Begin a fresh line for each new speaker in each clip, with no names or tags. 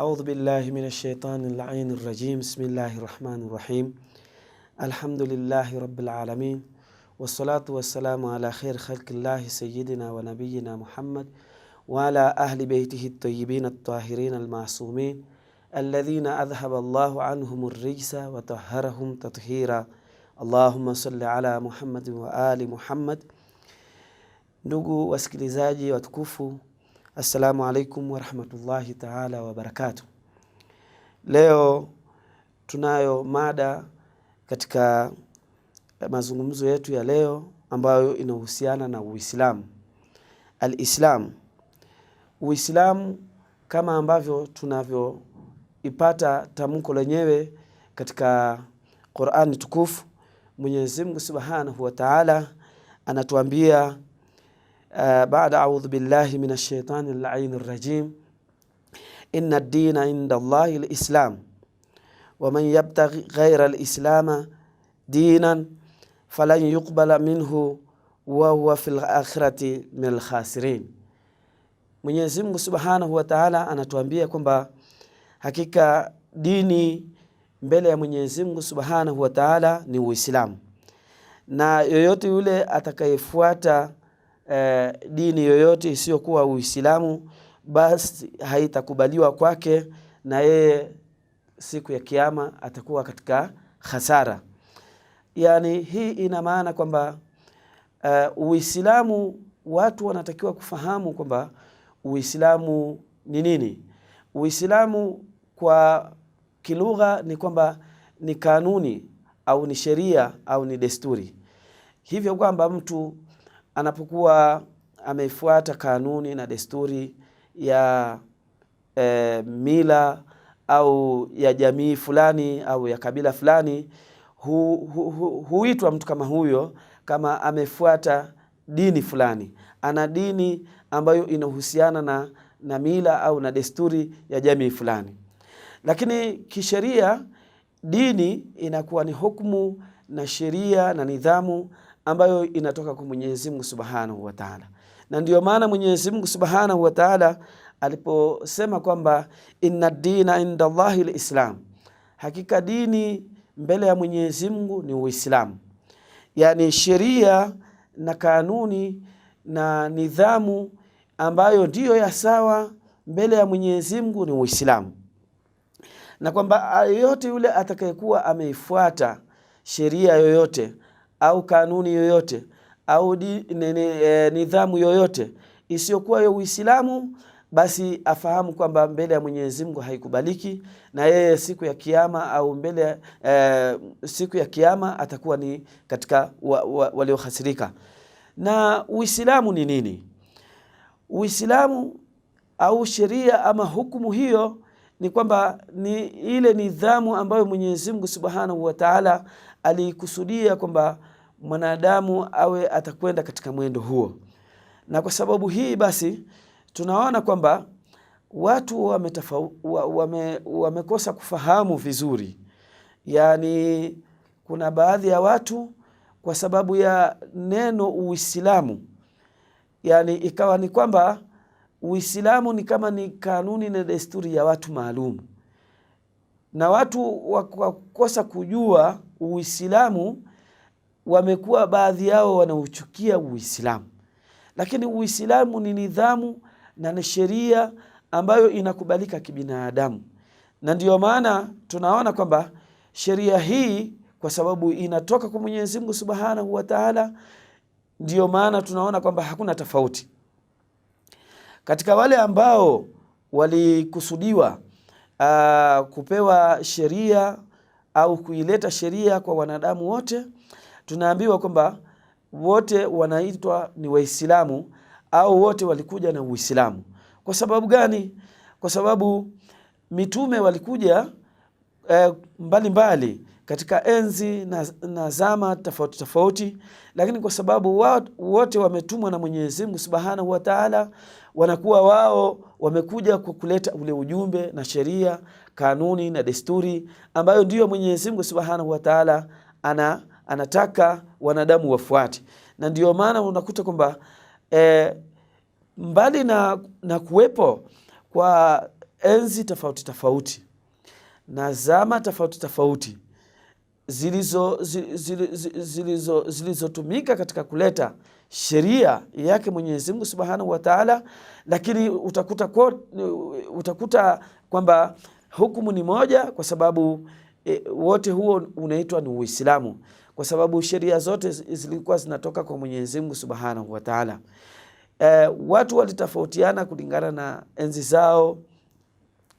أعوذ بالله من الشيطان اللعين الرجيم بسم الله الرحمن الرحيم الحمد لله رب العالمين والصلاة والسلام على خير خلق الله سيدنا ونبينا محمد وعلى أهل بيته الطيبين الطاهرين المعصومين الذين أذهب الله عنهم الرجس وطهرهم تطهيرا اللهم صل على محمد وآل محمد نقو واسكليزاجي wasikilizaji Assalamu alaikum warahmatullahi taala wabarakatuh. Leo tunayo mada katika mazungumzo yetu ya leo ambayo inahusiana na Uislamu. Alislamu, Uislamu kama ambavyo tunavyoipata tamko lenyewe katika Qurani tukufu, Mwenyezi Mungu subhanahu wa taala anatuambia Uh, baada audhu billahi min ashaitani laini rajim inna dina inda llahi lislam waman yabtaghi ghaira lislama dinan falan yuqbala minhu wahuwa fi lakhirati min alkhasirin. Mwenyezi Mungu subhanahu wa taala anatuambia kwamba hakika dini mbele ya Mwenyezi Mungu subhanahu wa taala ni Uislamu, na yoyote yule atakayefuata Eh, dini yoyote isiyokuwa Uislamu basi haitakubaliwa kwake, na yeye siku ya kiyama atakuwa katika hasara. Yani hii ina maana kwamba uh, Uislamu watu wanatakiwa kufahamu kwamba Uislamu ni nini. Uislamu kwa kilugha ni kwamba ni kanuni au ni sheria au ni desturi, hivyo kwamba mtu anapokuwa amefuata kanuni na desturi ya e, mila au ya jamii fulani au ya kabila fulani hu, hu, hu, huitwa mtu kama huyo kama amefuata dini fulani, ana dini ambayo inahusiana na, na mila au na desturi ya jamii fulani. Lakini kisheria dini inakuwa ni hukumu na sheria na nidhamu ambayo inatoka kwa Mwenyezi Mungu Subhanahu wa Ta'ala. Na ndiyo maana Mwenyezi Mungu Subhanahu wa Ta'ala aliposema kwamba inna dina inda Allahi lislam, hakika dini mbele ya Mwenyezi Mungu ni Uislamu, yaani sheria na kanuni na nidhamu ambayo ndiyo ya sawa mbele ya Mwenyezi Mungu ni Uislamu, na kwamba yoyote yule atakayekuwa ameifuata sheria yoyote au kanuni yoyote au di, e, nidhamu yoyote isiyokuwa ya Uislamu, basi afahamu kwamba mbele ya Mwenyezi Mungu haikubaliki, na yeye siku ya kiyama au mbele e, siku ya kiyama atakuwa ni katika wa, wa, waliohasirika. Na Uislamu ni nini? Uislamu au sheria ama hukumu hiyo ni kwamba ni ile nidhamu ambayo Mwenyezi Mungu Subhanahu wa Ta'ala aliikusudia kwamba mwanadamu awe atakwenda katika mwendo huo. Na kwa sababu hii basi tunaona kwamba watu wame, wamekosa kufahamu vizuri, yaani kuna baadhi ya watu kwa sababu ya neno Uislamu, yaani ikawa ni kwamba Uislamu ni kama ni kanuni na desturi ya watu maalum, na watu wakakosa kujua Uislamu wamekuwa baadhi yao wanauchukia Uislamu, lakini Uislamu ni nidhamu na ni sheria ambayo inakubalika kibinadamu, na ndiyo maana tunaona kwamba sheria hii kwa sababu inatoka kwa Mwenyezi Mungu Subhanahu wa Ta'ala, ndiyo maana tunaona kwamba hakuna tofauti katika wale ambao walikusudiwa aa, kupewa sheria au kuileta sheria kwa wanadamu wote tunaambiwa kwamba wote wanaitwa ni Waislamu au wote walikuja na Uislamu. Kwa sababu gani? Kwa sababu mitume walikuja eh, mbalimbali eh, mbali, katika enzi na, na zama tofauti tofauti, lakini kwa sababu wote wametumwa na Mwenyezi Mungu Subhanahu wa Ta'ala, wanakuwa wao wamekuja kwa kuleta ule ujumbe na sheria, kanuni na desturi ambayo ndiyo Mwenyezi Mungu Subhanahu wa Ta'ala ana anataka wanadamu wafuate, na ndio maana unakuta kwamba e, mbali na, na kuwepo kwa enzi tofauti tofauti na zama tofauti tofauti zilizotumika katika kuleta sheria yake Mwenyezi Mungu Subhanahu wa Ta'ala, lakini utakuta, kwa, utakuta kwamba hukumu ni moja kwa sababu e, wote huo unaitwa ni Uislamu kwa sababu sheria zote zilikuwa zinatoka kwa Mwenyezi Mungu Subhanahu wa Ta'ala. E, watu walitofautiana kulingana na enzi zao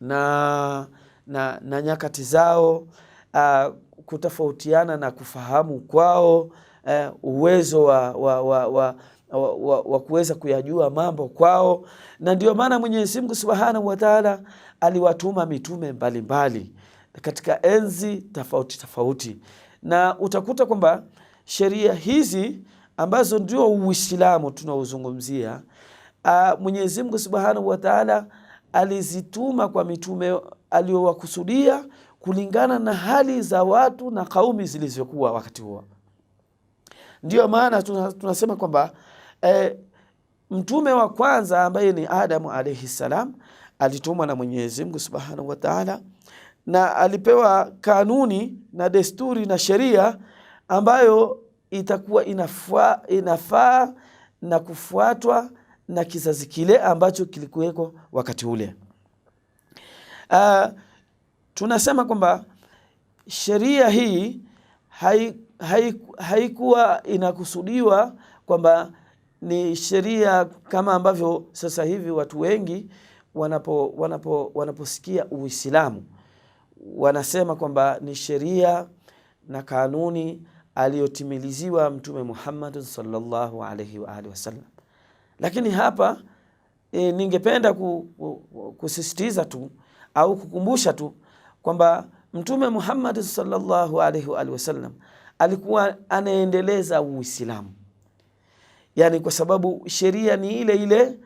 na, na, na nyakati zao a, ah, kutofautiana na kufahamu kwao e, uwezo wa, wa, wa, wa wa, wa, wa kuweza kuyajua mambo kwao, na ndio maana Mwenyezi Mungu Subhanahu wa Ta'ala aliwatuma mitume mbalimbali mbali katika enzi tofauti tofauti na utakuta kwamba sheria hizi ambazo ndio Uislamu tunaozungumzia, ah, Mwenyezi Mungu Subhanahu wa Ta'ala alizituma kwa mitume aliyowakusudia kulingana na hali za watu na kaumi zilizokuwa wakati huo. Ndiyo maana tunasema kwamba e, mtume wa kwanza ambaye ni Adamu alaihi salam alitumwa na Mwenyezi Mungu Subhanahu wa Ta'ala na alipewa kanuni na desturi na sheria ambayo itakuwa inafaa, inafaa na kufuatwa na kizazi kile ambacho kilikuwekwa wakati ule. Uh, tunasema kwamba sheria hii haikuwa hai, hai inakusudiwa kwamba ni sheria kama ambavyo sasa hivi watu wengi wanapo wanapo wanaposikia Uislamu wanasema kwamba ni sheria na kanuni aliyotimiliziwa Mtume Muhammad sallallahu alaihi wa alihi wasallam. Lakini hapa e, ningependa kusisitiza tu au kukumbusha tu kwamba Mtume Muhammad sallallahu alaihi wa alihi wasallam alikuwa anaendeleza Uislamu, yaani kwa sababu sheria ni ile ile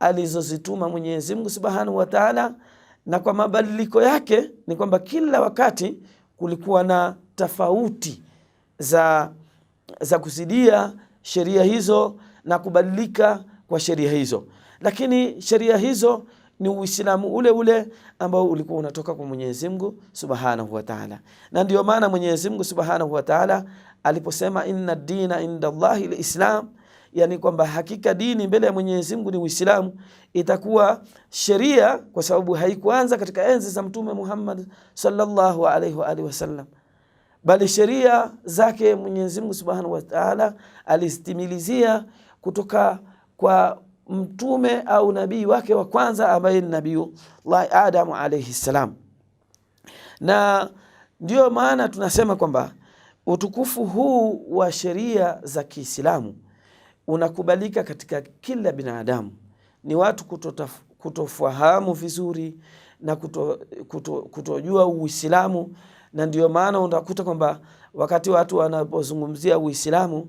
alizozituma Mwenyezi Mungu subhanahu wa taala na kwa mabadiliko yake ni kwamba kila wakati kulikuwa na tofauti za, za kuzidia sheria hizo na kubadilika kwa sheria hizo, lakini sheria hizo ni Uislamu ule ule ambao ulikuwa unatoka kwa Mwenyezi Mungu Subhanahu wa Ta'ala, na ndio maana Mwenyezi Mungu Subhanahu wataala aliposema inna dina inda llahi lislam yani kwamba hakika dini mbele ya Mwenyezi Mungu ni Uislamu, itakuwa sheria kwa sababu haikuanza katika enzi za Mtume Muhammad sallallahu alaihi wa alihi wasallam, bali sheria zake Mwenyezi Mungu Subhanahu wa Ta'ala alistimilizia kutoka kwa mtume au nabii wake wa kwanza ambaye ni Nabiyullah Adamu alaihi salam. Na ndiyo maana tunasema kwamba utukufu huu wa sheria za Kiislamu unakubalika katika kila binadamu ni watu kutotaf, kutofahamu vizuri na kuto, kuto, kutojua Uislamu, na ndio maana unakuta kwamba wakati watu wanapozungumzia Uislamu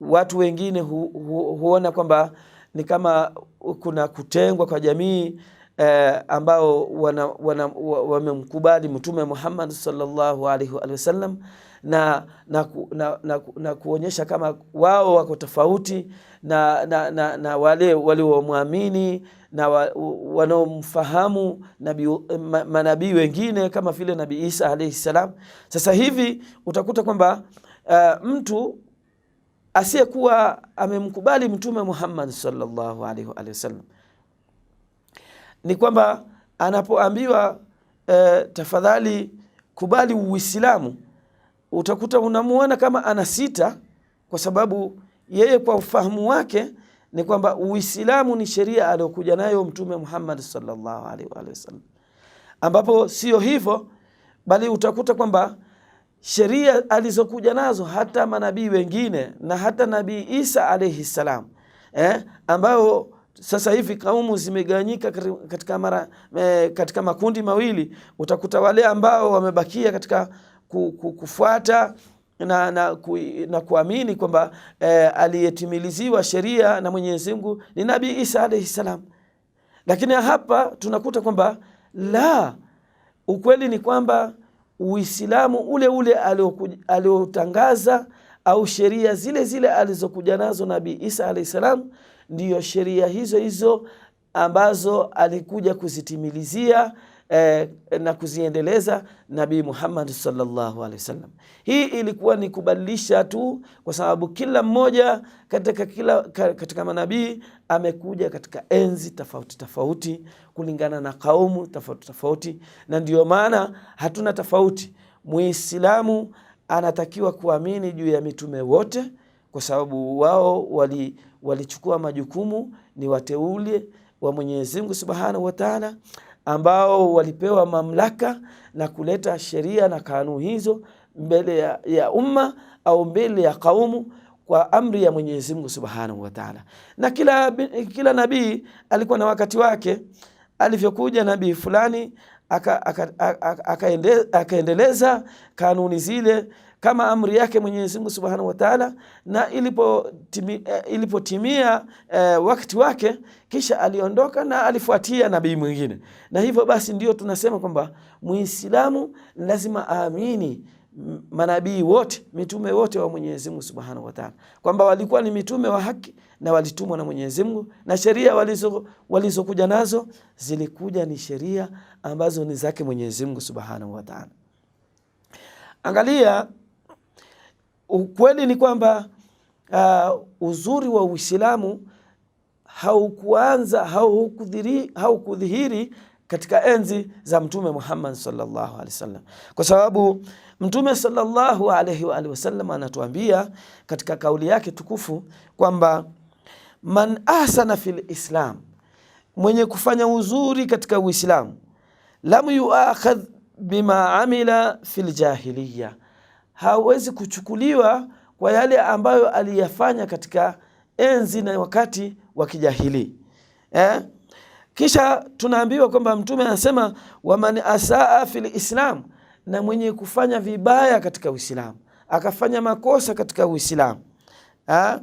watu wengine hu, hu, huona kwamba ni kama kuna kutengwa kwa jamii eh, ambao wamemkubali Mtume Muhammad sallallahu alaihi sallam na, na, na, na, na kuonyesha kama wao wako tofauti na, na, na, na wale waliomwamini na wa, wanaomfahamu manabii wengine kama vile Nabii Isa alaihi salam. Sasa hivi utakuta kwamba uh, mtu asiyekuwa amemkubali Mtume Muhammad sallallahu alaihi wasallam ni kwamba anapoambiwa e, tafadhali kubali Uislamu, utakuta unamuona kama ana sita, kwa sababu yeye kwa ufahamu wake ni kwamba Uislamu ni sheria aliyokuja nayo Mtume Muhammad sallallahu alaihi wasallam, ambapo sio hivyo, bali utakuta kwamba sheria alizokuja nazo hata manabii wengine na hata Nabii Isa alaihi salam eh, ambayo sasa hivi kaumu zimegawanyika katika, mara, eh, katika makundi mawili. Utakuta wale ambao wamebakia katika kufuata na, na, ku, na kuamini kwamba eh, aliyetimiliziwa sheria na Mwenyezi Mungu ni Nabii Isa alaihi salam, lakini hapa tunakuta kwamba la ukweli ni kwamba Uislamu ule ule aliotangaza au sheria zile zile alizokuja nazo Nabii Isa alahi salam ndiyo sheria hizo hizo ambazo alikuja kuzitimilizia eh, na kuziendeleza Nabii Muhammad sallallahu alaihi wasallam. Hii ilikuwa ni kubadilisha tu, kwa sababu kila mmoja katika kila katika manabii amekuja katika enzi tofauti tofauti, kulingana na kaumu tofauti tofauti, na ndiyo maana hatuna tofauti. Muislamu anatakiwa kuamini juu ya mitume wote, kwa sababu wao wali walichukua majukumu ni wateule wa Mwenyezi Mungu Subhanahu wa Ta'ala, ambao walipewa mamlaka na kuleta sheria na kanuni hizo mbele ya, ya umma au mbele ya kaumu kwa amri ya Mwenyezi Mungu Subhanahu wa Ta'ala. Na kila, kila nabii alikuwa na wakati wake. Alivyokuja nabii fulani akaendeleza aka, aka, aka, aka kanuni zile kama amri yake Mwenyezi Mungu Subhanahu wa Ta'ala, na eh, ilipotimia ilipo eh, e, wakati wake, kisha aliondoka na alifuatia nabii mwingine. Na hivyo basi ndio tunasema kwamba Muislamu lazima aamini manabii wote mitume wote wa Mwenyezi Mungu Subhanahu wa Ta'ala, kwamba walikuwa ni mitume wa haki na walitumwa na Mwenyezi Mungu, na sheria walizokuja walizo nazo zilikuja ni sheria ambazo ni zake Mwenyezi Mungu Subhanahu wa Ta'ala. Angalia ukweli ni kwamba uh, uzuri wa Uislamu haukuanza haukudhihiri katika enzi za Mtume Muhammad sallallahu alaihi wasallam, kwa sababu Mtume sallallahu alaihi wa alihi wasallam anatuambia katika kauli yake tukufu kwamba man ahsana fil islam, mwenye kufanya uzuri katika Uislamu, lam yuakhadh bima amila fil jahiliya hawezi kuchukuliwa kwa yale ambayo aliyafanya katika enzi na wakati wa kijahili eh? Kisha tunaambiwa kwamba Mtume anasema waman asaa fil Islam, na mwenye kufanya vibaya katika Uislamu akafanya makosa katika Uislamu eh?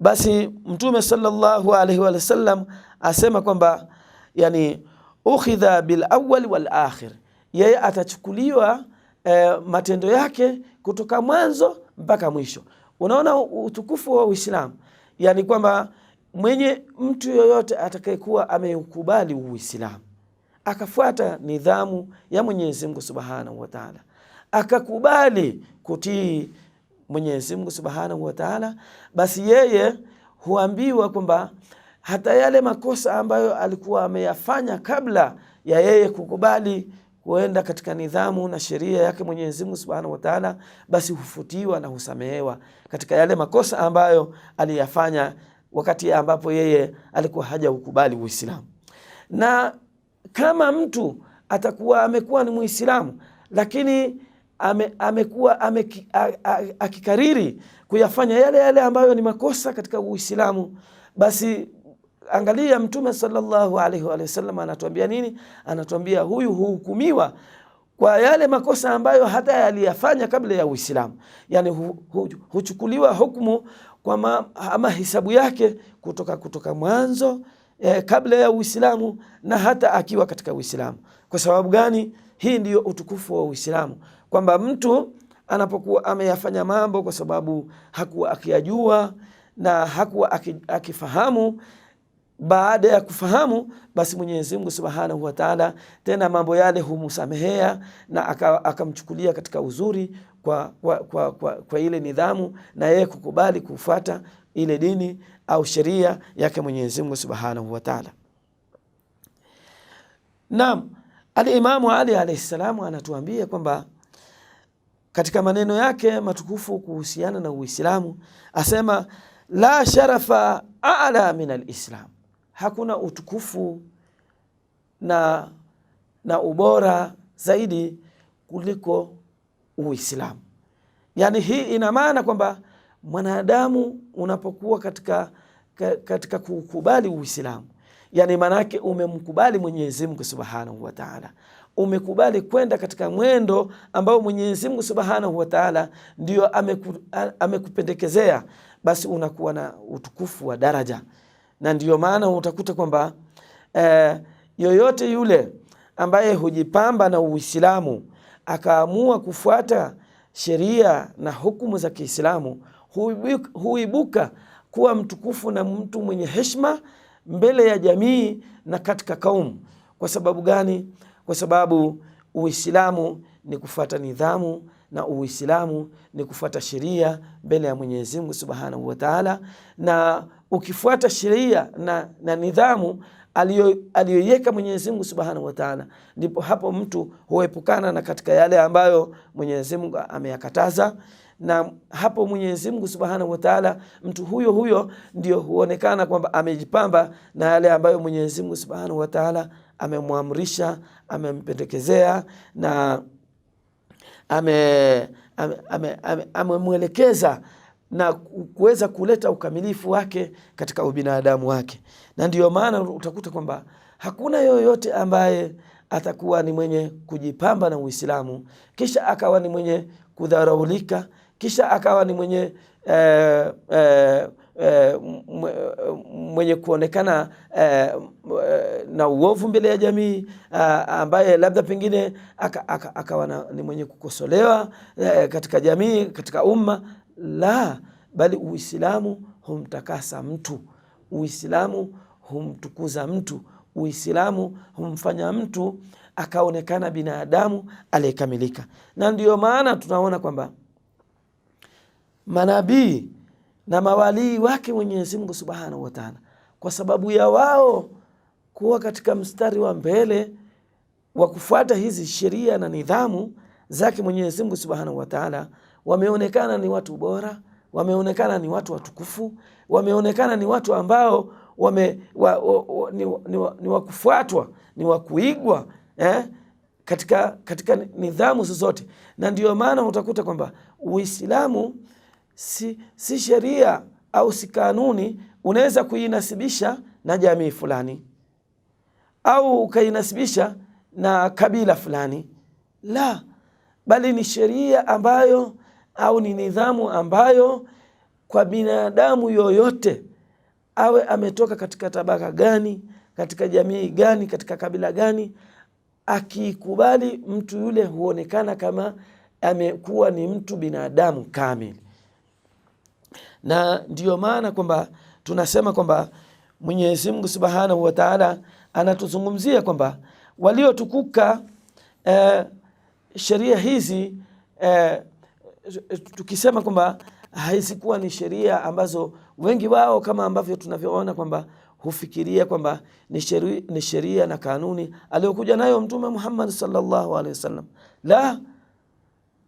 Basi Mtume sallallahu alaihi wa sallam asema kwamba yani ukhidha bil awwal wal akhir, yeye atachukuliwa eh, matendo yake kutoka mwanzo mpaka mwisho. Unaona utukufu wa Uislamu, yani kwamba mwenye mtu yoyote atakayekuwa ameukubali Uislamu akafuata nidhamu ya Mwenyezi Mungu Subhanahu wa Ta'ala, akakubali kutii Mwenyezi Mungu Subhanahu wa Ta'ala, basi yeye huambiwa kwamba hata yale makosa ambayo alikuwa ameyafanya kabla ya yeye kukubali huenda katika nidhamu na sheria yake Mwenyezi Mungu Subhanahu wa Ta'ala, basi hufutiwa na husamehewa katika yale makosa ambayo aliyafanya wakati ambapo yeye alikuwa hajaukubali Uislamu. Na kama mtu atakuwa amekuwa ni Muislamu lakini ame, amekuwa ame, akikariri kuyafanya yale yale ambayo ni makosa katika Uislamu basi Angalia Mtume sallallahu alaihi wa sallam anatuambia nini? Anatuambia huyu huhukumiwa kwa yale makosa ambayo hata yaliyafanya kabla ya Uislamu, yani hu, hu, huchukuliwa hukumu kwa ma, ama hisabu yake kutoka kutoka mwanzo eh, kabla ya Uislamu na hata akiwa katika Uislamu. Kwa sababu gani? Hii ndiyo utukufu wa Uislamu kwamba mtu anapokuwa ameyafanya mambo kwa sababu hakuwa akiyajua na hakuwa akifahamu baada ya kufahamu basi Mwenyezi Mungu Subhanahu wa Ta'ala tena mambo yale humsamehea na akamchukulia aka katika uzuri kwa, kwa, kwa, kwa, kwa ile nidhamu na yeye kukubali kufuata ile dini au sheria yake Mwenyezi Mungu Subhanahu wa Ta'ala. Naam, Al-Imamu Ali alayhi salamu anatuambia kwamba katika maneno yake matukufu kuhusiana na Uislamu asema la sharafa a'la min al-Islam hakuna utukufu na, na ubora zaidi kuliko Uislamu. Yaani hii ina maana kwamba mwanadamu unapokuwa katika, katika kukubali Uislamu, yaani maanake umemkubali Mwenyezi Mungu Subhanahu wa Ta'ala, umekubali kwenda katika mwendo ambao Mwenyezi Mungu Subhanahu wa Ta'ala ndio ameku, amekupendekezea, basi unakuwa na utukufu wa daraja na ndiyo maana utakuta kwamba eh, yoyote yule ambaye hujipamba na Uislamu akaamua kufuata sheria na hukumu za Kiislamu huibuka kuwa mtukufu na mtu mwenye heshima mbele ya jamii na katika kaumu. Kwa sababu gani? Kwa sababu Uislamu ni kufuata nidhamu na Uislamu ni kufuata sheria mbele ya Mwenyezi Mungu Subhanahu wa Ta'ala, na ukifuata sheria na, na nidhamu aliyoiweka Mwenyezi Mungu Subhanahu wa Ta'ala, ndipo hapo mtu huepukana na katika yale ambayo Mwenyezi Mungu ameyakataza, na hapo Mwenyezi Mungu Subhanahu wa Ta'ala, mtu huyo huyo ndio huonekana kwamba amejipamba na yale ambayo Mwenyezi Mungu Subhanahu wa Ta'ala amemwamrisha, amempendekezea na amemwelekeza ame, ame, ame na kuweza kuleta ukamilifu wake katika ubinadamu wake, na ndiyo maana utakuta kwamba hakuna yoyote ambaye atakuwa ni mwenye kujipamba na Uislamu kisha akawa ni mwenye kudharaulika kisha akawa ni mwenye eh, eh, Eh, mwenye kuonekana eh, na uovu mbele ya jamii eh, ambaye labda pengine akawa ni mwenye kukosolewa katika jamii, katika umma. La, bali Uislamu humtakasa mtu, Uislamu humtukuza mtu, Uislamu humfanya mtu akaonekana binadamu aliyekamilika, na ndiyo maana tunaona kwamba manabii na mawalii wake Mwenyezi Mungu Subhanahu wa Ta'ala, kwa sababu ya wao kuwa katika mstari wa mbele wa kufuata hizi sheria na nidhamu zake Mwenyezi Mungu Subhanahu wa Ta'ala, wameonekana ni watu bora, wameonekana ni watu watukufu, wameonekana ni watu ambao wame, wa, wa, wa, ni wakufuatwa, ni wakuigwa eh? katika, katika nidhamu zozote, na ndiyo maana utakuta kwamba Uislamu si, si sheria au si kanuni unaweza kuinasibisha na jamii fulani au ukainasibisha na kabila fulani, la, bali ni sheria ambayo au ni nidhamu ambayo kwa binadamu yoyote awe ametoka katika tabaka gani, katika jamii gani, katika kabila gani, akiikubali mtu yule huonekana kama amekuwa ni mtu binadamu kamili na ndiyo maana kwamba tunasema kwamba Mwenyezi Mungu Subhanahu wa Ta'ala anatuzungumzia kwamba waliotukuka e, sheria hizi e, tukisema kwamba haizikuwa ni sheria ambazo wengi wao kama ambavyo tunavyoona kwamba hufikiria kwamba ni sheria na kanuni aliyokuja nayo Mtume Muhammad sallallahu alaihi wasallam, la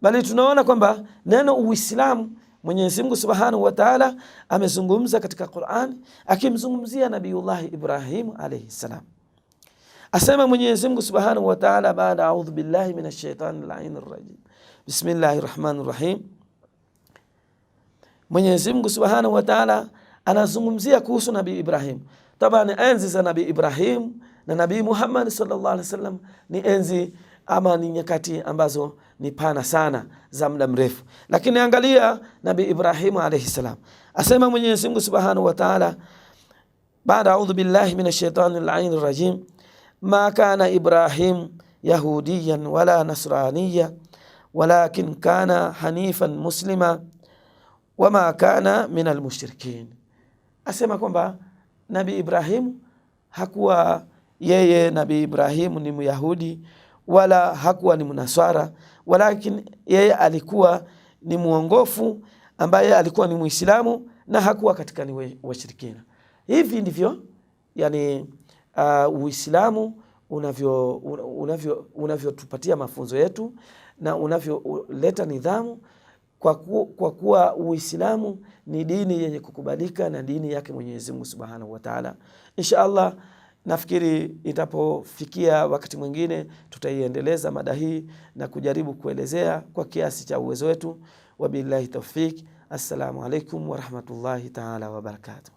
bali tunaona kwamba neno Uislamu Mwenyezi Mungu Subhanahu wa Ta'ala amezungumza katika Qur'an akimzungumzia Nabiyullah Ibrahim alayhi salam. Asema Mwenyezi Mungu Subhanahu wa Ta'ala baada a'udhu billahi minash shaitani la'inir rajim. Bismillahir Rahmanir Rahim. Mwenyezi Mungu Subhanahu wa Ta'ala anazungumzia kuhusu Nabii Ibrahim. Tabani enzi za Nabii Ibrahim na Nabii Muhammad sallallahu alaihi wasallam ni enzi ama ni nyakati ambazo ni pana sana za muda mrefu. Lakini angalia Nabi Ibrahimu alayhi salam asema Mwenyezi Mungu subhanahu wa taala, baada audhu billahi min shaitani lain rajim, ma kana Ibrahim yahudiyan wala nasraniya walakin kana hanifan muslima wama kana min almushrikin. Asema kwamba Nabi Ibrahimu hakuwa yeye, Nabi Ibrahimu ni Myahudi wala hakuwa ni mnaswara, walakin yeye alikuwa ni mwongofu ambaye alikuwa ni Muislamu na hakuwa katika ni washirikina. Hivi ndivyo yani uh, Uislamu unavyotupatia unavyo, unavyo mafunzo yetu na unavyoleta nidhamu kwa, ku, kwa kuwa Uislamu ni dini yenye kukubalika na dini yake Mwenyezi Mungu Subhanahu wa Ta'ala, insha Allah. Nafikiri itapofikia wakati mwingine tutaiendeleza mada hii na kujaribu kuelezea kwa kiasi cha uwezo wetu. Wabillahi taufik. Assalamu alaikum warahmatullahi taala wabarakatuh.